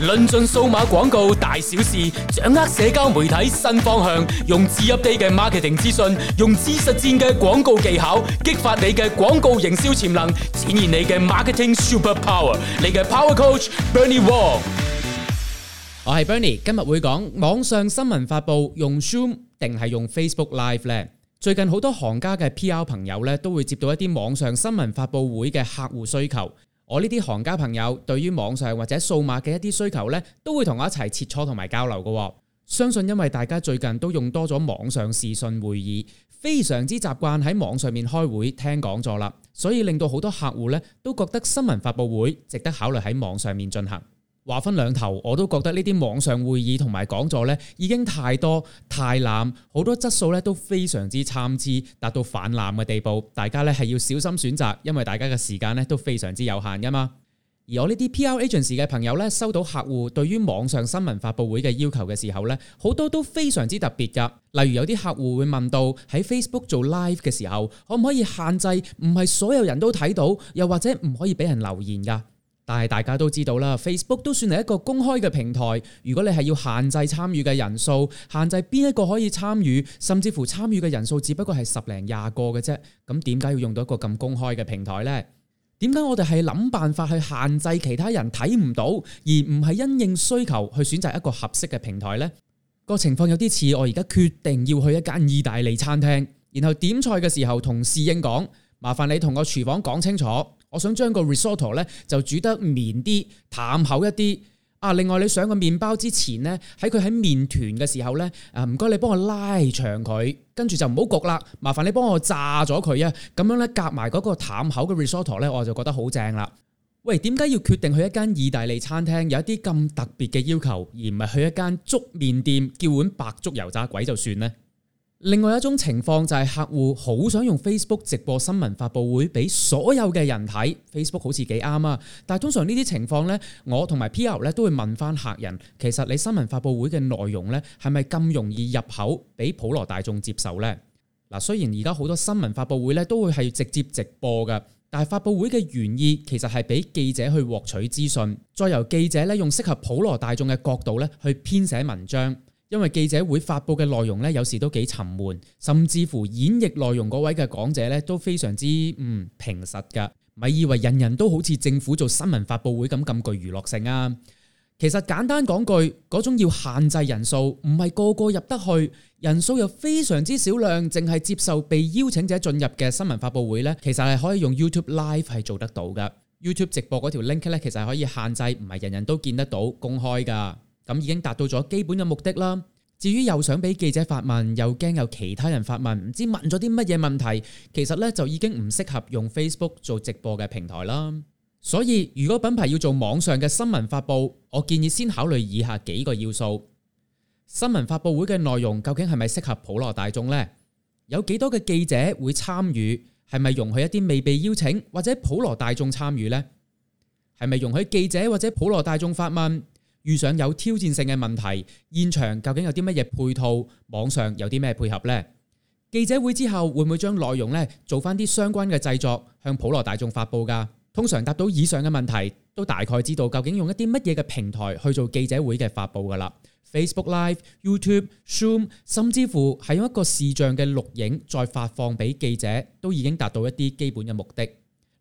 論盡數碼廣告大小事，掌握社交媒體新方向，用最 update 嘅 marketing 資訊，用最實戰嘅廣告技巧，激發你嘅廣告營銷潛能，展現你嘅 marketing super power。你嘅 power coach Bernie Wong，我係 Bernie，今日會講網上新聞發佈用 Zoom 定係用 Facebook Live 呢？最近好多行家嘅 PR 朋友呢都會接到一啲網上新聞發佈會嘅客戶需求。我呢啲行家朋友對於網上或者數碼嘅一啲需求呢，都會同我一齊切磋同埋交流㗎喎。相信因為大家最近都用多咗網上視訊會議，非常之習慣喺網上面開會、聽講座啦，所以令到好多客戶呢，都覺得新聞發佈會值得考慮喺網上面進行。話分兩頭，我都覺得呢啲網上會議同埋講座呢已經太多太濫，好多質素咧都非常之參差，達到泛濫嘅地步。大家呢係要小心選擇，因為大家嘅時間咧都非常之有限噶嘛。而我呢啲 PR agency 嘅朋友呢，收到客戶對於網上新聞發佈會嘅要求嘅時候呢，好多都非常之特別噶。例如有啲客戶會問到喺 Facebook 做 live 嘅時候，可唔可以限制唔係所有人都睇到，又或者唔可以俾人留言噶？但係大家都知道啦，Facebook 都算係一個公開嘅平台。如果你係要限制參與嘅人數，限制邊一個可以參與，甚至乎參與嘅人數只不過係十零廿個嘅啫。咁點解要用到一個咁公開嘅平台呢？點解我哋係諗辦法去限制其他人睇唔到，而唔係因應需求去選擇一個合適嘅平台呢？個情況有啲似我而家決定要去一間意大利餐廳，然後點菜嘅時候同侍應講：麻煩你同個廚房講清楚。我想將個 risotto 咧就煮得綿啲、淡口一啲。啊，另外你上個麵包之前呢，喺佢喺麵團嘅時候呢，啊唔該，你幫我拉長佢，跟住就唔好焗啦。麻煩你幫我炸咗佢啊。咁樣呢，夾埋嗰個淡口嘅 risotto 咧，我就覺得好正啦。喂，點解要決定去一間意大利餐廳，有一啲咁特別嘅要求，而唔係去一間粥麵店叫碗白粥油炸鬼就算呢？另外一種情況就係客戶好想用 Facebook 直播新聞發佈會俾所有嘅人睇，Facebook 好似幾啱啊！但係通常呢啲情況呢，我同埋 PR 咧都會問翻客人，「其實你新聞發佈會嘅內容呢，係咪咁容易入口俾普羅大眾接受呢？」嗱，雖然而家好多新聞發佈會呢都會係直接直播㗎，但係發佈會嘅原意其實係俾記者去獲取資訊，再由記者咧用適合普羅大眾嘅角度咧去編寫文章。因為記者會發布嘅內容咧，有時都幾沉悶，甚至乎演繹內容嗰位嘅講者咧都非常之唔、嗯、平實噶，咪以為人人都好似政府做新聞發佈會咁咁具娛樂性啊。其實簡單講句，嗰種要限制人數，唔係個個入得去，人數又非常之少量，淨係接受被邀請者進入嘅新聞發佈會呢，其實係可以用 YouTube Live 係做得到嘅。YouTube 直播嗰條 link 咧，其實係可以限制，唔係人人都見得到，公開噶。咁已經達到咗基本嘅目的啦。至於又想俾記者發問，又驚有其他人發問，唔知問咗啲乜嘢問題，其實咧就已經唔適合用 Facebook 做直播嘅平台啦。所以如果品牌要做網上嘅新聞發布，我建議先考慮以下幾個要素：新聞發布會嘅內容究竟係咪適合普羅大眾呢？有幾多嘅記者會參與？係咪容許一啲未被邀請或者普羅大眾參與呢？係咪容許記者或者普羅大眾發問？遇上有挑戰性嘅問題，現場究竟有啲乜嘢配套？網上有啲咩配合呢？記者會之後會唔會將內容呢做返啲相關嘅製作，向普羅大眾發布噶？通常答到以上嘅問題，都大概知道究竟用一啲乜嘢嘅平台去做記者會嘅發布噶啦。Facebook Live、YouTube、Zoom，甚至乎係用一個視像嘅錄影再發放俾記者，都已經達到一啲基本嘅目的。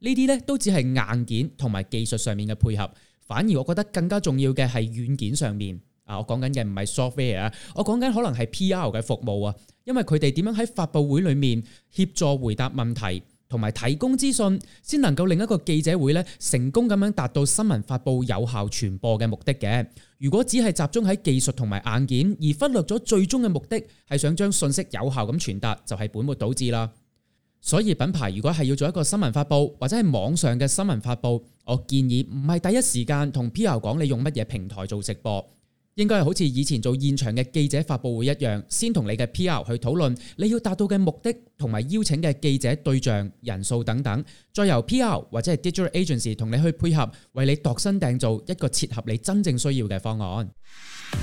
呢啲呢，都只係硬件同埋技術上面嘅配合。反而，我覺得更加重要嘅係軟件上面。啊，我講緊嘅唔係 software 啊，我講緊可能係 PR 嘅服務啊。因為佢哋點樣喺發布會裏面協助回答問題，同埋提供資訊，先能夠令一個記者會咧成功咁樣達到新聞發布有效傳播嘅目的嘅。如果只係集中喺技術同埋硬件，而忽略咗最終嘅目的係想將信息有效咁傳達，就係本末倒置啦。所以品牌如果係要做一個新聞發布，或者係網上嘅新聞發布。我建議唔係第一時間同 PR 講你用乜嘢平台做直播，應該係好似以前做現場嘅記者發佈會一樣，先同你嘅 PR 去討論你要達到嘅目的同埋邀請嘅記者對象、人數等等，再由 PR 或者係 Digital Agency 同你去配合，為你度身訂造一個切合你真正需要嘅方案。